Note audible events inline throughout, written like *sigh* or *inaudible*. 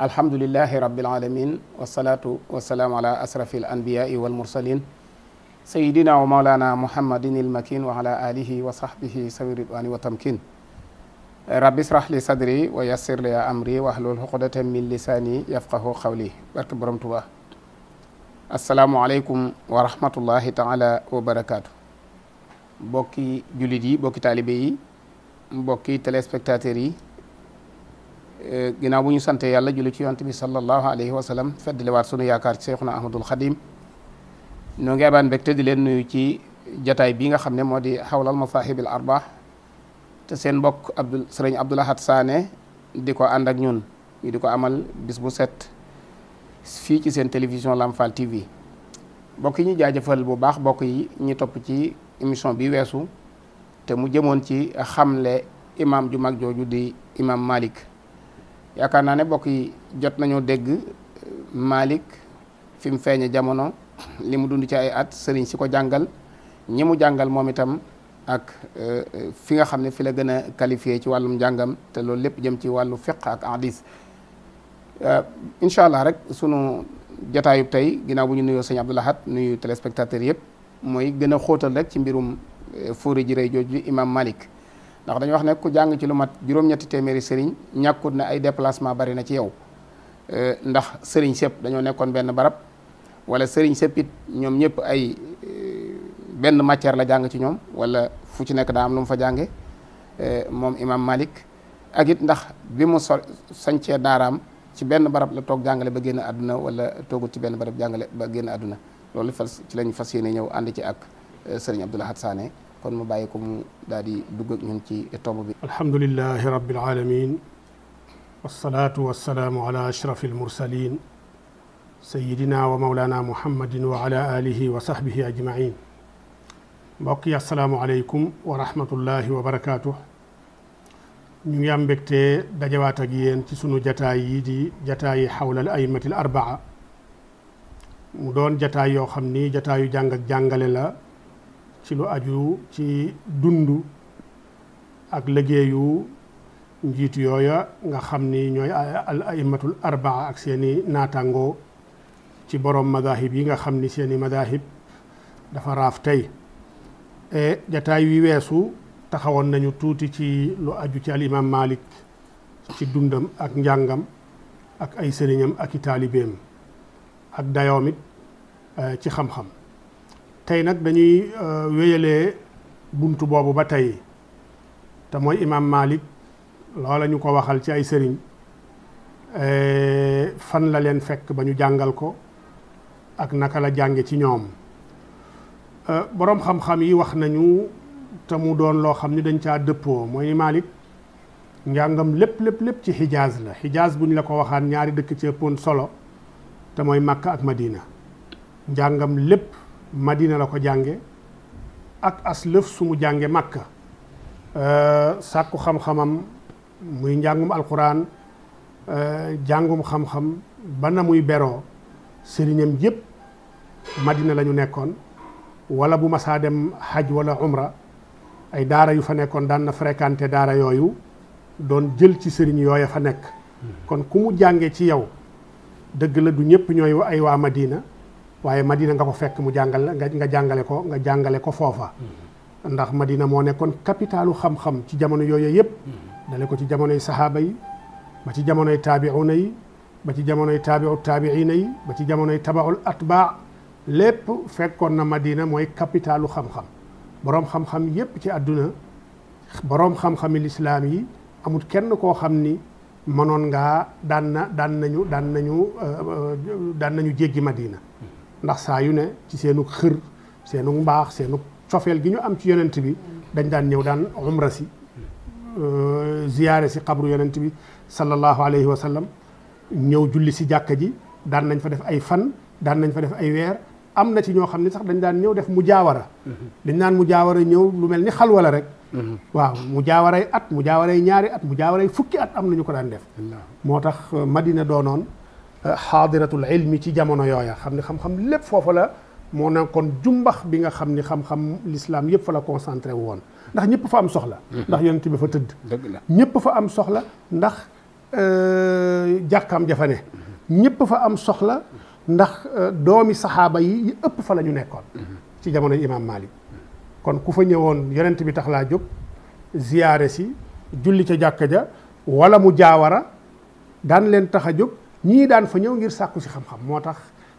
alhamdulilahi rabbil alamin wasalaatu wasalaamu ala asrafi al anbiyai wal wa maulana muhammadin il wa ala alihi wa sahbihi wa tamkin rabbi israh li sadri wa yassir li amri wa ahlul xuqdatan min lisani yafqahu qawli barke borom Tuubaa asalaamu aleykum wa rahmatullahi taala wa barakaatu mbokki jullit yi mbokki taalibe yi yi Eh, ginnaaw bu ñu sante yàlla julli ci yonte bi sallallahu alayhi wa sallam feddliwaat sunu yaakaar ci Seexuna Ahmadul Xadim noo ngi abaan mbégte di leen nuyu ci jataay bi nga xam ne moo di xawlal masahibil arba te seen mbokk Abdul Sëriñ Abdul Ahad Sané di ko ànd ak ñun ñu di ko amal bis bu set fii ci seen télévision Lamfal TV mbokk yi ñu jaajëfal bu baax mbokk yi ñu topp ci émission bi weesu te mu jëmoon ci xamle imam ju mag jooju di imam yaakaar naa ne bokk yi jot nañoo dégg euh, Malick fi mu feeñe jamono li mu dund ci ay at sëriñ si ko jàngal ñi mu jàngal moom itam ak euh, euh, fi nga xam ne fi la gën a qualifié ci wàllum njàngam te loolu lépp jëm ci wàllu fiq ak hadis incha allah rek sunu jotaayub tey ginnaaw bu ñu nuyoo sëñ Abdou Lahad nuyu téléspectateurs yëpp mooy gën a xóotal rek ci mbirum Fóori Jirey jooju imam Malick ndax dañu wax ne ku jàng ci lu mat juróom-ñetti téeméeri sëriñ ñàkkut na ay déplacement bari na ci yow euh, ndax sëriñ sëpp dañoo nekkoon benn barab wala sëriñ sëpp it ñoom ñëpp ay euh, benn matière la jàng ci ñoom wala fu ci nekk daa am lu mu fa jànge euh, moom imam Malik ak it ndax bi mu so sañcee daaraam ci benn barab la toog jàngale ba génn àdduna wala toogut ci benn barab jàngale ba génn àdduna loolu fas ci lañ fas yéene ñëw ànd ci ak sëriñ Abdoul Ahad Sané kon mu bàyyi ko mu daal di dugg ak ñun ci tomb bi alhamdulilahi rabbil alamin wasalaatu wasalaamu ala ashrafi almursalin sayidina wa maulana muhammadin wa ala alihi wa sahbihi ajmain mbokk yi asalaamu aleykum wa rahmatullahi wa barakaatu ñu ngi am mbégte dajawaat ak yéen ci sunu jataay yi di jataay yi xawla al aimati al arbaa mu doon jataay yoo xam ni jataayu jàng ak jàngale la ci lu aju ci dund ak liggéeyu njiitu yooya nga xam ni ñooy al aimatul arbaa ak seeni naataangoo ci boroom madahib yi nga xam ni seeni madahib dafa raaf tey e, jataay wi weesu taxawoon nañu tuuti ci lu aju ci al Malik ci dundam ak njàngam ak ay sëriñam ak i taalibeem ak dayoom e, ci xam-xam tey nag dañuy euh, wéyalee bunt boobu ba tey te mooy imaam Malik loola ñu ko waxal ci ay sëriñ fan la leen fekk ba ñu jàngal ko ak naka la jànge ci ñoom boroom xam-xam yi wax nañu te mu doon loo xam ni dañ caa dëppoo mooy Malik njàngam lépp lépp lépp ci Hijaaz la Hijaaz bu ñu la ko waxaan ñaari dëkk ci ëppoon solo te mooy Makka ak Madina njàngam lépp Madina la ko jànge ak as lëf su mu jànge Makka euh, sàkku xam-xamam muy njàngum alquran euh, jàngum xam-xam ba na muy beroo sëriñam yëpp Madina la ñu nekkoon wala bu masaa dem haj wala umra ay daara yu fa nekkoon daan na fréquenté daara yooyu doon jël ci sëriñ yooya fa nekk hmm. kon ku mu jànge ci yow dëgg la du ñëpp ñooy ay waa Madina waaye Madina nga ko fekk mu jàngal nga jàngale ko nga jàngale ko foofa mm-hmm. ndax Madina moo nekkoon capitalu xam-xam ci jamono yooyu yëpp mm-hmm. dale ko ci jamonoy saxaaba yi ba ci jamonoy na yi ba ci jamonoy taabiu taabiina yi ba ci jamonoy tabaul atbaa lépp fekkoon na Madina mooy capitalu xam-xam boroom xam-xam yépp ci àdduna boroom xam-xami lislaam yi amut kenn koo xam ni mënoon ngaa daan na daan nañu daan nañu euh, euh, daan nañu jéggi Madina mm-hmm. ndax saa yu ne ci seenu xër seenu mbaax seenu cofeel gi ñu am ci yonent bi dañ daan ñëw daan umra si euh, ziyaare si xabru yonent bi sallallahu alayhi wa sallam ñëw julli si jàkka ji daan nañ fa def ay fan daan nañ fa def ay weer am na ci ñoo xam ne sax dañ daan ñëw def mu jaawara mm-hmm. dañ daan mu jaawara ñëw lu mel ni xal la rek mm-hmm. waaw mu jaawaray at mu jaawaray ñaari at mu jaawaray fukki at am na ñu ko daan def moo tax euh, Madina doonoon xaadiratul ilmi ci jamono yooya xam ne xam-xam lépp foofa la moo na kon jumbax bi nga xam ni xam-xam l'islam yëpp fa la concentré woon ndax ñëpp fa am soxla mhm. ndax yonent bi fa tëdd dëgg la ñëpp fa am soxla ndax euh, jàkkaam jafa ne mhm. ñëpp fa am soxla ndax euh, doomi saxaaba yi ëpp fa la ñu nekkoon mhm. ci jamono imaam Malik kon ku fa ñëwoon yonent bi tax laa jóg ziyaare si julli ca jàkka ja wala mu jaawara daan leen tax a jóg ñii daan fa ñëw ngir sàkku si xam-xam moo tax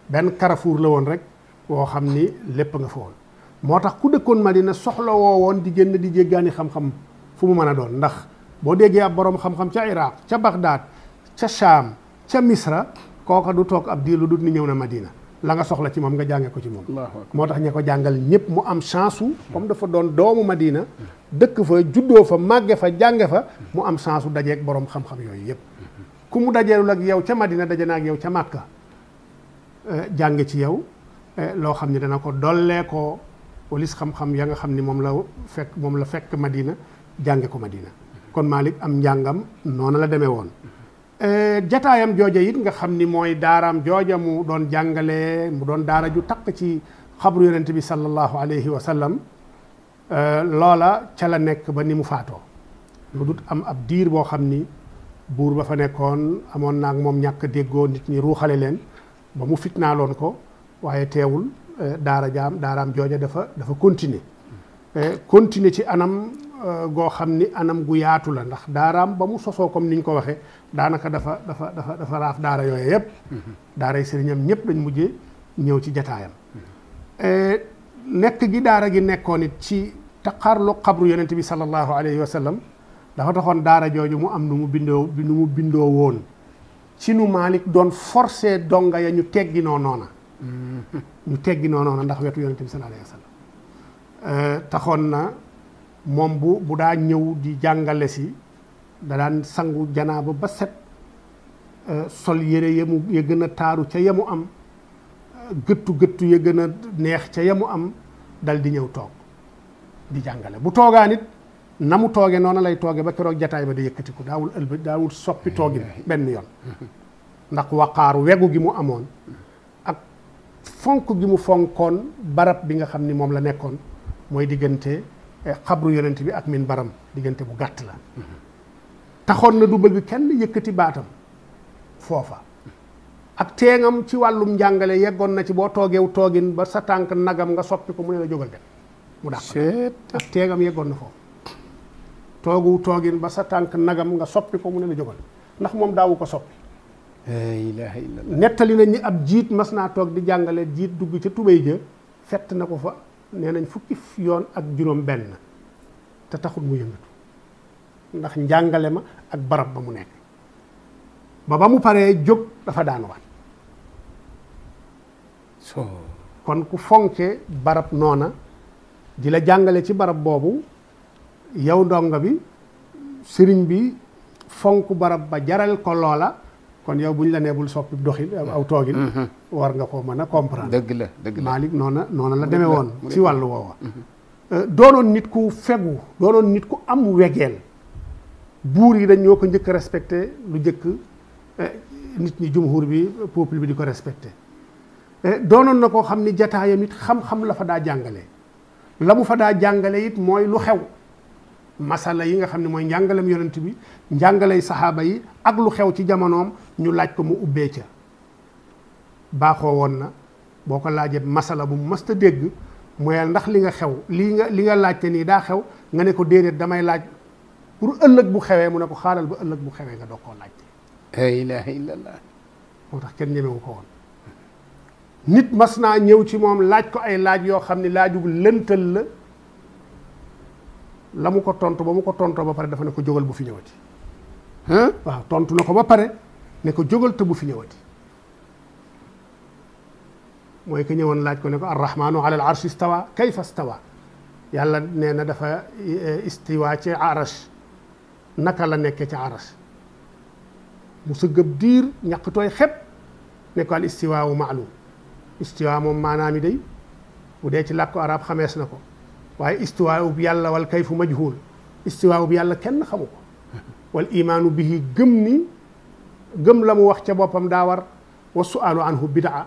benn carrefour la woon rek woo xam ni lépp nga fa woon moo tax ku dëkkoon Madina soxla woo woon di génn di jéggaani xam-xam fu mu mën a doon ndax boo déggee ab boroom xam-xam ca Iraq ca Bagdad ca Cham ca Misra kooka du toog ab diilu dut ni ñëw na Madina la nga soxla ci moom nga jànge ko ci moom moo tax ña ko jàngal ñëpp mu am chance u hmm. comme dafa doon doomu Madina dëkk fa juddoo fa màgge fa jànge fa mu am chance u dajeeg boroom yooyu yëpp ku mu dajeelul ak yow ca Madina daje na ak yow ca Màkka eh, jàng ci yow eh, loo xam ne dana ko dollee ko walis xam-xam ya nga xam ni moom la fekk moom la fekk Madina jànge ko Madina kon Malick am njàngam noonu la demee woon eh, jataayam jooja it nga xam ni mooy daaraam jooja mu doon jàngale mu doon daara ju takk ci xabru yonent bi sallallahu alayhi wa sallam loola ca la nekk ba ni mu faatoo lu dut am ab diir boo xam ni buur ba fa nekkoon amoon naa ak moom ñàkk déggoo nit ñi ruuxale leen ba mu fitnaaloon ko waaye teewul eh, daara jaam daaraam jooja dafa dafa continuer eh, continuer ci anam eh, goo xam ni anam gu yaatu la ndax daaraam ba mu sosoo comme ni ñu ko waxee daanaka dafa dafa dafa dafa raaf daara yooyu yëpp. Mhm. daara yi sëriñam ñëpp dañ mujje ñëw ci jataayam. nekk gi daara gi nekkoon it ci taqaarlu xabru yonent bi sallallahu alayhi wa dafa taxoon daara jooju mu am nu mu bindoo nu mu bindoo woon ci nu Malick doon forcé donga ya ñu tegginoo noona mm-hmm. ñu teggi noona ndax wetu yonente bi sallallahu euh, taxoon na moom bu bu daa ñëw di jàngale si da daan sangu janaaba ba set euh, sol yére yamu ya gën a taaru ca yamu am euh, gëttu gëttu ya gën a neex ca yamu am dal di ñëw toog di jàngale bu toogaa nit na mu tooge noonu lay tooge ba keroog jataay ba di yëkkatiku daawul ëlba daawul soppi toogin mm-hmm. benn yoon ndax waqaar wegu gi mu amoon ak fonk gi mu fonkoon barab bi nga xam ni moom la nekkoon mooy diggante eh, xabru yonent bi ak min baram diggante bu gàtt la mm-hmm. taxoon na dubal bi kenn yëkkati baatam foofa ak teengam ci wàllum njàngale yeggoon na ci boo toogeew toogin ba sa tànk nagam nga soppi ko mu ne la jógal dem mu dàq ak teengam yeggoon na fo toogu toogin ba sa tànk nagam nga soppi ko mu ne la jógal ndax moom daawu ko soppi nettali nañ ni ab jiit mas naa toog di jàngale jiit dugg ca tubéy ja fett na ko fa nee nañ fukki yoon ak juróom benn te taxul mu yëngatu ndax njàngale ma ak barab ba mu nekk ba ba mu paree jóg dafa daan waat so kon ku fonke barab noona di la jàngale ci barab boobu yow ndongo bi sëriñ bi fonk barab ba jaral ko loola kon yow bu ñu la nee bul soppi doxin aw mm-hmm. toogin mm-hmm. war nga koo mën a comprendre dëgg la dëgg la Malick noona noona la demee woon ci wàllu woowa mm-hmm. euh, doonoon nit ku fegu doonoon nit ku am wegeel buur yi dañ ñoo ko njëkk respecté lu njëkk euh, nit ñi jumhur bi peuple bi di ko respecté euh, doonoon na koo xam ni jataayam it xam-xam la fa daa jàngale la mu fa daa jàngale it mooy lu xew masala yi nga xam ne mooy njàngalem yonent bi njàngalay saxaaba yi ak lu xew ci jamonoom ñu laaj ko mu ubbee ca baaxoo woon na boo ko laajee masala bu mu mës a dégg mooy ndax li nga xew lii nga li nga laajte nii daa xew nga ne ko déedéet damay laaj pour ëllëg bu xewee mu ne ko xaaral ba ëllëg bu xewee nga doog koo laaj la ilaha illallah. moo tax kenn ñemewu ko woon. nit mas naa ñëw ci moom laaj ko ay laaj yoo xam ne laajug lëntal la. la mu ko tontu ba mu ko tontoo ba pare dafa ne ko jógal bu fi ñëwati waaw tontu na ko ba pare ne ko jógal bu fi ñëwati mooy que ñëwoon laaj ko ne ko arrahmanu ala al arshi istawa kayfa istawa yàlla nee na dafa eh, istiwa ci arash naka la nekkee ci arash mu sëggëb diir ñàkk tooy xepp ne ko al istiwaawu moom maanaam yi day bu dee ci làkku arab xamees na ko waaye istiwaa ub yàlla wal kayfu majhul istiwaa ub yàlla kenn xamu ko wal imaanu bihi gëm ni gëm la mu wax ca boppam daa war wa su su'aalu anhu bidaa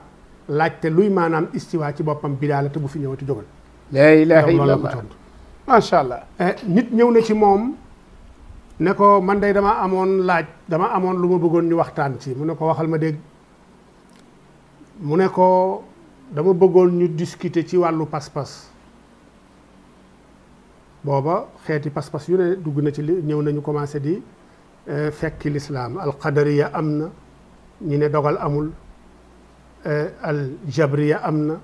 laajte luy maanaam istiwaa ci boppam bidaa la te bu fi ñëwati jógal laa ilaaha illallah macha allah eh, nit ñëw na ci moom ne ko man day dama amoon laaj dama amoon lu ma bëggoon ñu waxtaan ci mu ne ko waxal ma dégg mu ne ko dama bëggoon ñu discuter ci wàllu pas-pas booba xeeti pas-pas yu ne dugg na ci li ñëw nañu commencé di eh, fekki lislaam alqadariya am na ñu ne dogal amul eh, aljabriya am na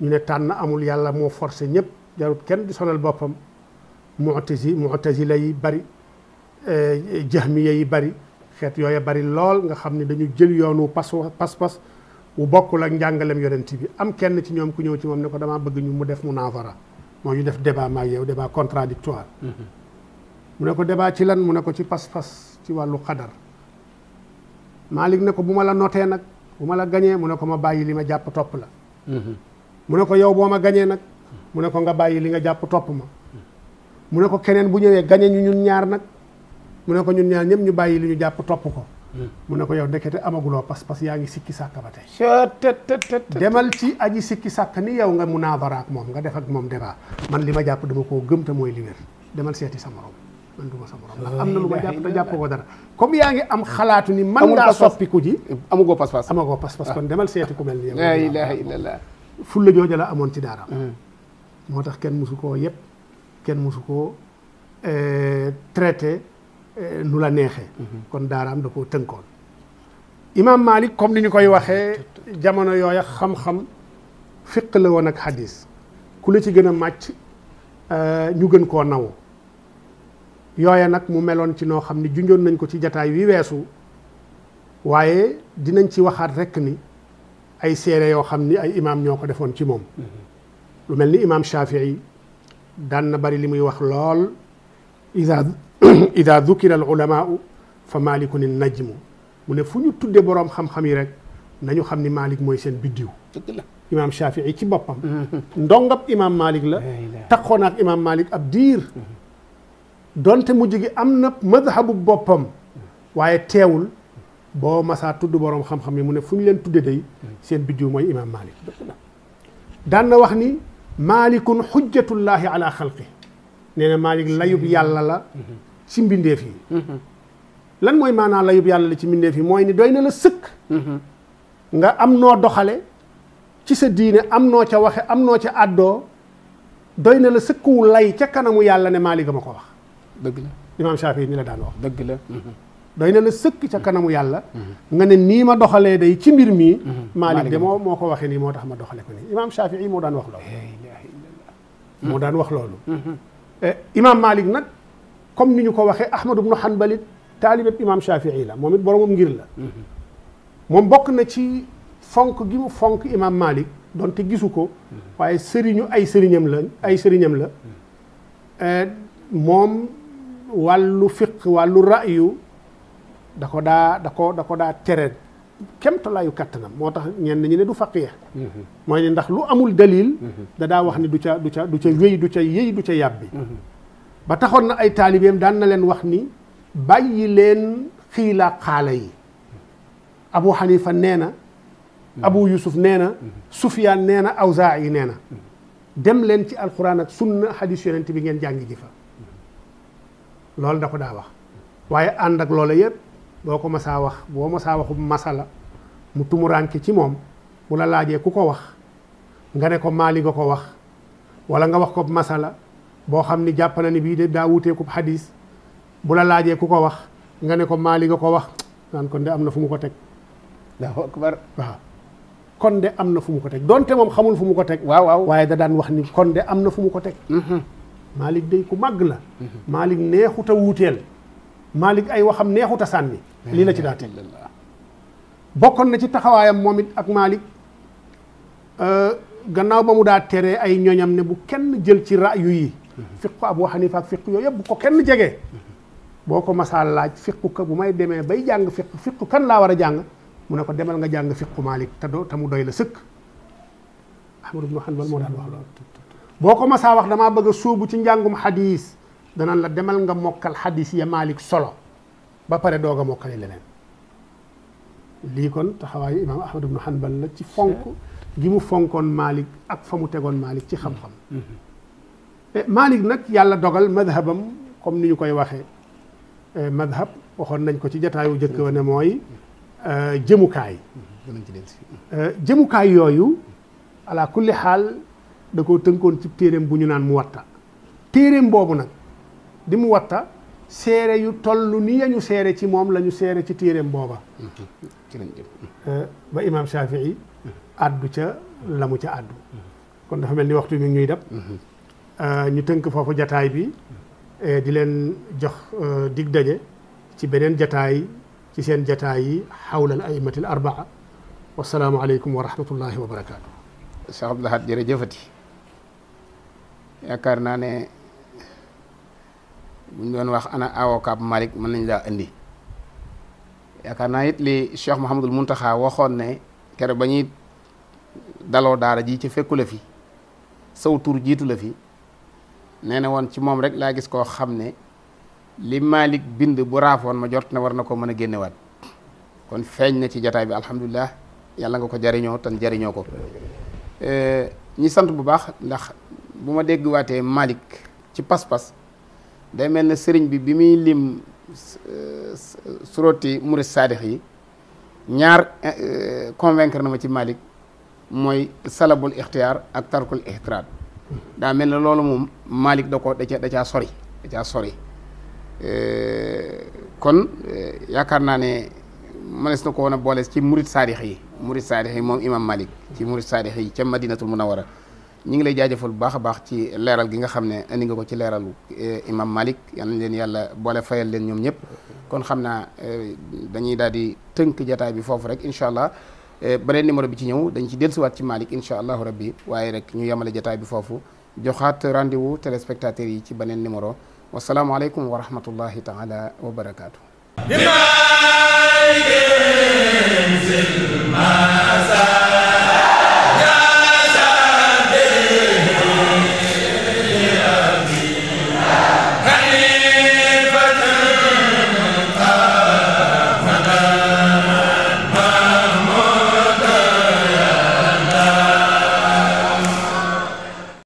ñu ne tànn amul yàlla moo forcé ñëpp jarut kenn di sonal boppam mutasi mutazila yi bari eh, jahmiya yi bari xeet yooya bari lool nga xam ne dañu jël yoonu pas-pas wu bokkul ak njàngalem yonent bi am kenn ci ñoom ku ñëw ci moom ne ko damaa bëgg ñu mu def mu naafara moo ñu def débat maag yow débat contradictoire mm-hmm. mu ne ko debaa ci lan mu ne ko ci pas-pas ci wàllu xadar Malick ne ko bu ma la notee nag bu ma la gañee mu ne ko ma bàyyi li ma jàpp topp la mm-hmm. mu ne ko yow boo ma gañee nag mu ne ko nga bàyyi li nga jàpp topp ma mu ne ko keneen bu ñëwee gañe ñu ñun ñaar nag mu ne ko ñun ñaar ñëpp ñu bàyyi li ñu jàpp topp ko mu ne ko yow ndekete amaguloo pas-pas yaa ngi sikki sàkk ba tey demal ci aji sikki sàkk ni yow nga mun munaabara ak moom nga def ak moom débat man li ma jàpp dama koo gëm te mooy li wér demal seeti sa morom man du sa morom ndax am na lu ma jàpp te jàpp ko dara comme yaa ngi am xalaatu ni man naa soppiku ji amagoo pas-pas amagoo pas-pas ah. kon demal seeti ku mel ni yow la ilaha illallah fulla jooja la amoon ci daara mm. moo tax kenn mosu koo yëpp kenn mosu koo eh, traité Euh, nu la neexee. kon daaraam da koo tënkoon. imaam Malik comme ni ñu koy waxee jamono yooya xam-xam fiq la woon ak hadis ku la ci gën a màcc euh, ñu gën koo naw yooya nag mu meloon ci noo xam ni junjoon nañ ko ci jataay wi weesu waaye dinañ ci waxaat rekk ni ay seere yoo xam ni ay imaam ñoo ko defoon ci moom. lu mel ni imaam Shafii daan na bari li muy wax lool. *clears throat* ida dukira al ulamaau fa maalikun najmu mu ne fu ñu tuddee boroom xam-xam yi rek nañu xam ni Malik mooy seen biddiw imaam Shafii ci boppam *laughs* ndongab imaam Malik la taxoon ak imaam Malik ab diir mm-hmm. donte mu gi am na madhabu boppam waaye teewul boo masaa tudd boroom xam-xam yi mu ne fu ñu leen tuddee day mm-hmm. seen biddiw mooy imaam Malik daan na wax ni maalikun xujjatullaahi ala xalqi nee na Malik layub yàlla la mm-hmm. ci mbindeef yi mm-hmm. lan mooy maanaa layub yàlla la ci mbindeef yi mooy ni doy na la sëkk mm-hmm. nga am noo doxale ci sa diine am noo ca waxe am noo ca àddoo doy na la sëkkuwu lay ca kanamu yàlla ne Maalik ma ko wax dëgg la imaam Shaafi ni la daan wax dëgg la mm-hmm. doy na la sëkk ca kanamu yàlla nga ne nii ma doxalee day ci mbir mii Maalik de moo moo ko waxee nii moo tax ma doxale ko nii imaam Shaafi moo daan wax loolu moo daan wax loolu eh, imaam Maalik nag comme ni ñu ko waxee Ahmad ibnu Hanbal it taalibeb imaam Shafii la moom it boromam ngir la moom bokk na ci fonk gi fonk imaam Malik donte gisu ko waaye sëriñu ay sëriñam la ay sëriñam la eh, moom wàllu fiq wàllu ra'yu da ko daa da ko da ko daa tere kemtalaayu kàttanam moo tax ñenn ñi ne du faqiya mhm. mooy ne ndax lu amul dalil mhm. da daa wax ni du ca du ca du ca wéy du ca yëy du ca yàbbi mhm. ba taxoon na ay taalibeem daan na leen wax ni bàyyi leen xiila xaala yi abu xanifa nee na abu yusuf nee na sufyaan nee na aw awzaa yi nee na dem leen ci alquran ak sunna xadis yonent bi ngeen jàngi ji fa loolu da ko daa wax waaye ànd ak loola yëpp boo ko masaa wax boo masaa waxu masala mu tumuraanke ci moom bu la laajee ku ko wax nga ne ko maali nga ko wax wala nga wax ko masala boo xam ni jàpp na ni bii de daa wuteeku xadis bu la laajee ku ko wax nga ne ko maali nga ko wax naan kon am na fu mu ko teg Allahu de am na fu mu ko teg donte moom xamul fu mu ko teg waaw waaye da daan wax ni kon de am na fu mu ko teg Malik mm-hmm. day ku màgg la Malik mm-hmm. neexut Malik ay waxam neexut a sànni lii la ci daa teg bokkoon na ci taxawaayam moom it ak maalik euh, gannaaw ba mu daa teree ay ñoñam ne bu kenn jël ci rayu yi fiqu abu xanifa ak fiqu yooyu yépp bu ko kenn jegee boo ko masaal laaj fiqu ka bu may demee bay jàng fiqu fiqu kan laa war a jàng mu ne ko demal nga jàng fiqu malik te do te mu doy la sëkk ahmad ibnu hanbal moo daan wax loolu boo ko masaa wax damaa bëgg a sóobu ci njàngum xadiis danaan la demal nga mokkal xadiis ya malik solo ba pare doog a mokkale leneen lii kon taxawaayu imaam ahmad ibnu hanbal la ci fonk gi mu fonkoon malik ak fa mu tegoon malik ci xam Eh, Malik nag yàlla dogal madhabam comme ni ñu koy waxee eh, madhab waxoon nañ ko ci jataayu jëkk wa ne mooy eh, jëmukaay jëmukaay yooyu ala kulli xaal da koo tënkoon ci téeréem bu ñu naan mu watta téeréem boobu nag di mu watta seere yu toll ni yañu seere ci moom la ñu seere ci téeréem booba mhm. ba imaam Shafii addu ca lamu ca addu mhm. kon dafa mel ni waxtu mi ñuy def Euh, ñu tënk foofu jataay bi euh, di leen jox euh, dig daje ci beneen jataay ci seen jataay yi xawla al aimati al arbaa wasalaamualeykum wa rahmatullahi wa barakaatu. Cheikh Abdou Lahad jërëjëfati yaakaar naa ne mu ñu doon wax ana avocat Malick mën nañ daa indi yaakaar naa it li Cheikh Mouhamadul Mountakha waxoon ne kere ba ñuy daloo daara ji ci fekku la fi saw tur jiitu la fi. nee na woon ci moom rek laa gis koo xam ne li Malick bind bu raafoon ma jot na war na ko mën a génnewaat kon feeñ na ci jataay bi alhamdulilah yàlla nga ko jariñoo tan jariñoo ko eh, ñi sant bu baax ndax bu ma dégg waatee Malick ci pas-pas day mel ne sëriñ bi bi muy liim eh, suroti murid saadix yi ñaar eh, convaincre na ma ci Malick mooy salabul ixtiyaar ak tarkul ixtiraat daa mel na loolu moom Malick da ko da ca da caa sori da caa sori euh, kon euh, yaakaar naa ne mënees na ko woon boole ci murit saadix yi murit saadix yi moom imam Malick ci murit saadix yi ca madinatul munawara ñi ngi lay jaajëfal bu baax a baax ci leeral gi nga xam ne indi nga ko ci leeral euh, imam Malick yan nañ leen yàlla boole fayal leen ñoom ñëpp kon xam naa dañuy daal di tënk jataay bi foofu rek incha allah Eh, beneen numéro bi ci ñëw dañ ci dellusiwaat ci Malick incha allahu rabbi waaye rek ñuy yemale jataay bi foofu joxaat rendez-vous téléspectateurs yi ci beneen numéro wasalaamualeykum wa rahmatullahi taala wa barakaatu.